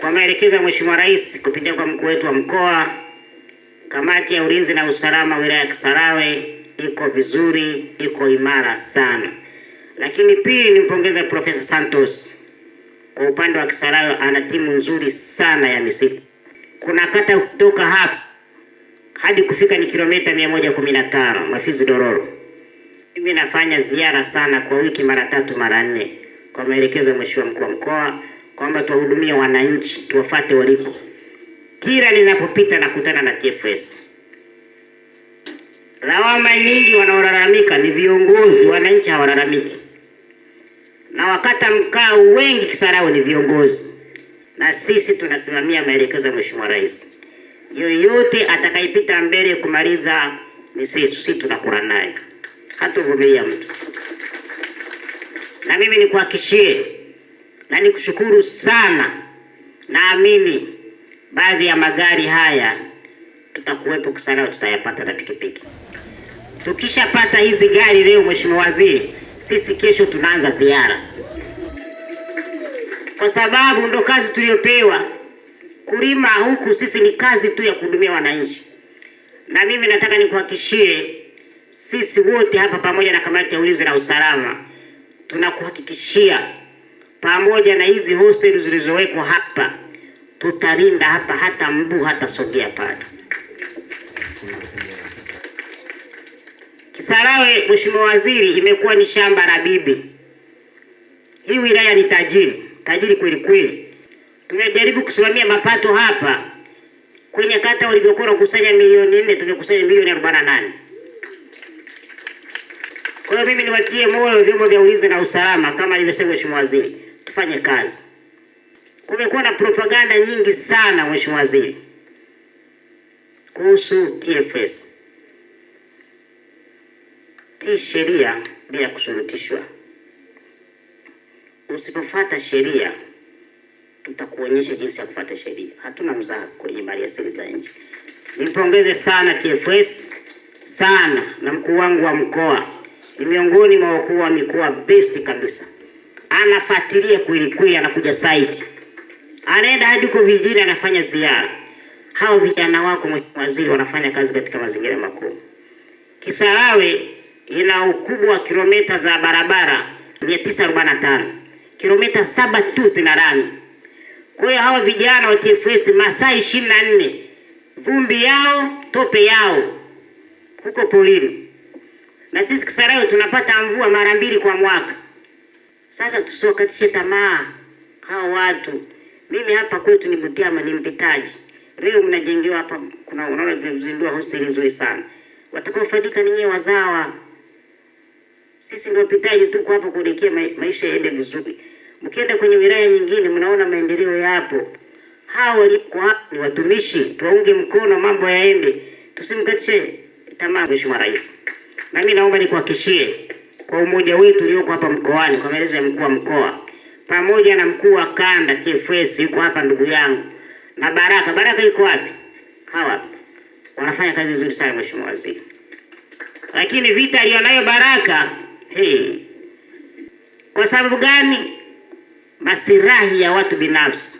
Kwa maelekezo ya Mheshimiwa Rais kupitia kwa mkuu wetu wa mkoa, kamati ya ulinzi na usalama wilaya ya Kisarawe iko vizuri, iko imara sana. Lakini pili, nimpongeze Profesa Santos, kwa upande wa Kisarawe ana timu nzuri sana ya misitu. Kuna kata kutoka hapa hadi kufika ni kilomita 115 Mafizi Dororo. Mimi nafanya ziara sana kwa wiki mara tatu mara nne, kwa maelekezo ya Mheshimiwa mkuu wa mkoa kwamba tuwahudumie wananchi, tuwafate walipo. Kila ninapopita nakutana na TFS. Lawama nyingi wanaolalamika ni viongozi, wananchi hawalalamiki, na wakata mkaa wengi Kisarawe ni viongozi, na sisi tunasimamia maelekezo ya Mheshimiwa Rais. Yoyote atakayepita mbele kumaliza misitu, sisi tunakula naye, hatuvumilia mtu. Na mimi nikuhakishie na nikushukuru sana. Naamini baadhi ya magari haya tutakuwepo kusana, tutayapata na pikipiki. Tukishapata hizi gari leo, Mheshimiwa Waziri, sisi kesho tunaanza ziara, kwa sababu ndo kazi tuliyopewa. Kulima huku sisi ni kazi tu ya kuhudumia wananchi, na mimi nataka nikuhakishie sisi wote hapa pamoja na kamati ya ulinzi na usalama tunakuhakikishia pamoja na hizi hosteli zilizowekwa hapa, tutalinda hapa, hata mbu hatasogea pale Kisarawe. Mheshimiwa Waziri, imekuwa ni shamba la bibi. Hii wilaya ni tajiri, tajiri kweli kweli. Tumejaribu kusimamia mapato hapa kwenye kata ulivyokuwa unakusanya milioni nne, tumekusanya milioni arobaini na nane. Kwa hiyo mimi niwatie moyo vyombo vya ulinzi na usalama, kama alivyosema Mheshimiwa Waziri ifanye kazi. Kumekuwa na propaganda nyingi sana, Mheshimiwa Waziri, kuhusu TFS. ti sheria bila kushurutishwa. Usipofuata sheria, tutakuonyesha jinsi ya kufuata sheria. Hatuna mzaha kwenye siri za nchi. Nimpongeze sana TFS sana, na mkuu wangu wa mkoa ni miongoni mwa wakuu wa mikoa best kabisa anafuatilia kweli kweli, anakuja site, anaenda hadi huko vijijini, anafanya ziara. Hao vijana wako Mheshimiwa Waziri wanafanya kazi katika mazingira makubwa. Kisarawe ina ukubwa wa kilomita za barabara 945 kilomita saba tu zina lami. Kwa hiyo hawa vijana wa TFS masaa 24 vumbi yao tope yao huko polini, na sisi Kisarawe tunapata mvua mara mbili kwa mwaka. Sasa tusiwakatishe tamaa hao watu. Mimi hapa kwetu ni Butiama ni mpitaji. Leo mnajengewa hapa kuna unaona tumezindua hosteli nzuri sana. Watakaofaidika ni nyewe wazawa. Sisi ndio wapitaji tuko hapa kuelekea maisha yaende vizuri. Mkienda kwenye wilaya nyingine mnaona maendeleo yapo. Hao waliko hapa ni watumishi, tuwaunge mkono mambo yaende. Tusimkatishe tamaa Mheshimiwa Rais. Na mimi naomba nikuhakishie kwa umoja wetu ulioko hapa mkoani, kwa maelezo ya mkuu wa mkoa pamoja na mkuu wa kanda TFS yuko hapa, ndugu yangu na Baraka. Baraka yuko wapi? Hawa wanafanya kazi nzuri sana, mheshimiwa waziri, lakini vita aliyonayo Baraka hey. Kwa sababu gani? Masirahi ya watu binafsi,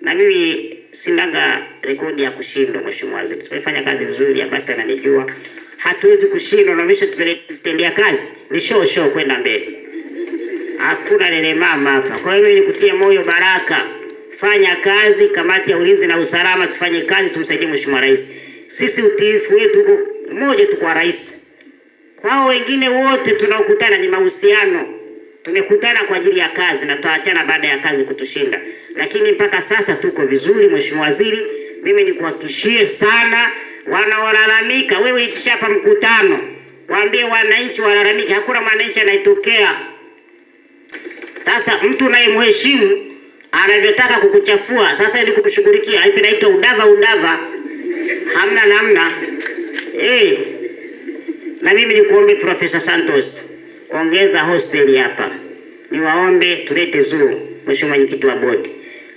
na mimi sinaga rekodi ya kushindwa, mheshimiwa waziri. Tumefanya kazi nzuri, basi ananijua hatuwezi kushindwa na maisha tutendea kazi ni show show kwenda mbele, hakuna lele mama hapa. Kwa hiyo mimi nikutie moyo Baraka, fanya kazi. Kamati ya ulinzi na usalama tufanye kazi, tumsaidie mheshimiwa rais. Sisi utiifu wetu uko mmoja tu kwa rais, kwao wengine wote tunaokutana ni mahusiano. Tumekutana kwa ajili ya kazi na tutaachana baada ya kazi kutushinda, lakini mpaka sasa tuko vizuri. Mheshimiwa Waziri, mimi nikuhakikishie sana wanaolalamika, wewe itisha hapa mkutano, waambie wananchi walalamike. Hakuna mwananchi anaitokea Sasa mtu unayemheshimu anavyotaka kukuchafua sasa, ili kukushughulikia, hivi, naitwa udava, udava, hamna namna eh. Na mimi nikuombe Profesa Santos, ongeza hosteli hapa, niwaombe tulete zoo. Mheshimiwa mwenyekiti wa bodi,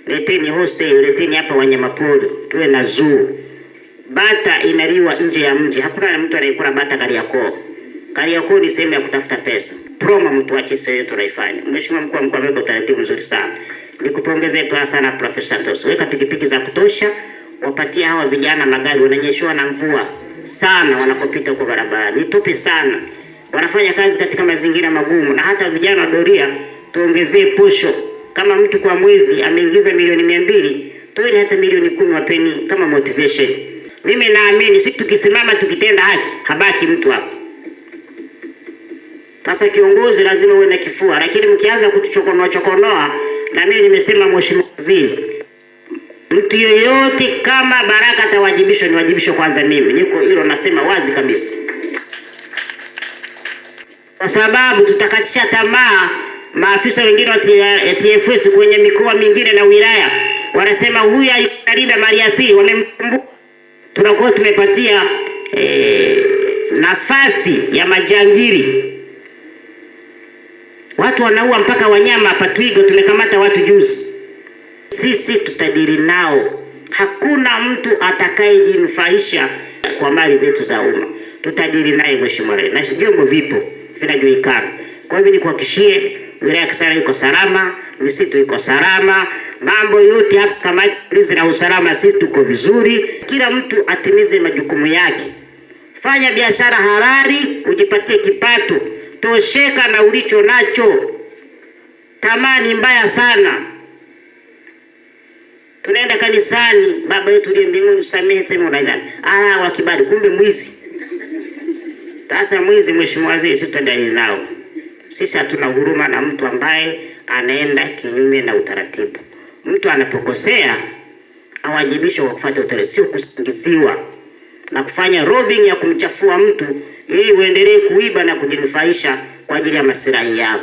leteni hosteli, leteni hapa wanyamapori, tuwe na zoo bata inaliwa nje ya mji. Hakuna mtu anayekula bata Kariakoo. Kariakoo ni sehemu ya kutafuta pesa. Promo mtu wa chese yetu tunaifanya. Mheshimiwa mkuu mkuu ameweka utaratibu mzuri sana. Nikupongeze pia sana Profesa Santos. Weka pikipiki za kutosha, wapatie hawa vijana magari, wananyeshwa na mvua sana wanapopita huko barabarani. Ni tupi sana. Wanafanya kazi katika mazingira magumu na hata vijana wa doria tuongezee posho. Kama mtu kwa mwezi ameingiza milioni 200, toeni hata milioni kumi wapeni kama motivation. Mimi naamini sisi tukisimama tukitenda haki habaki mtu hapo. Sasa kiongozi lazima uwe na kifua, lakini mkianza kutuchokonoa chokonoa, na mimi nimesema mheshimiwa waziri, mtu yeyote kama Baraka atawajibishwa niwajibishwe kwanza mimi, niko hilo nasema wazi kabisa, kwa sababu tutakatisha tamaa maafisa wengine wa TFS kwenye mikoa mingine na wilaya, wanasema huyu alinda mali asili wamemkumbuka tunakuwa tumepatia e, nafasi ya majangili. Watu wanaua mpaka wanyama hapa Twigo, tumekamata watu juzi. Sisi tutadiri nao, hakuna mtu atakayejinufaisha kwa mali zetu za umma, tutadiri naye mheshimiwa rais, na vyombo vipo vinajulikana. Kwa hivyo nikuhakikishie wilaya ya Kisarawe iko salama, misitu iko salama mambo yote hapa, kama ulinzi na usalama, sisi tuko vizuri, kila mtu atimize majukumu yake. Fanya biashara halali, ujipatie kipato, tosheka na ulicho nacho. Tamaa ni mbaya sana. Tunaenda kanisani, baba yetu aliye mbinguni, samehe sema nani ah, wa kibali, kumbe mwizi. Sasa mwizi, mheshimiwa wazee, sisi tutadili nao. Sisi hatuna huruma na mtu ambaye anaenda kinyume na utaratibu mtu anapokosea awajibishwe kwa kufuata utaratibu, sio kusingiziwa na kufanya robbing ya kumchafua mtu ili uendelee kuiba na kujinufaisha kwa ajili ya maslahi yao.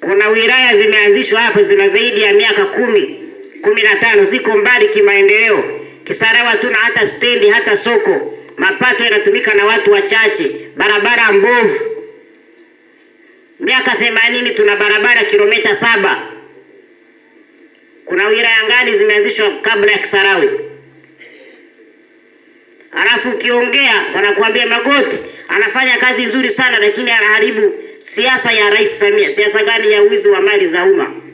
Kuna wilaya zimeanzishwa hapo zina zaidi ya miaka kumi kumi na tano, ziko mbali kimaendeleo. Kisarawe tuna hata stendi hata soko, mapato yanatumika na watu wachache, barabara mbovu. Miaka themanini tuna barabara kilomita saba. Kuna wilaya ngani zimeanzishwa kabla ya Kisarawe? Alafu ukiongea wanakuambia Magoti anafanya kazi nzuri sana, lakini anaharibu siasa ya Rais Samia. Siasa gani ya wizi wa mali za umma?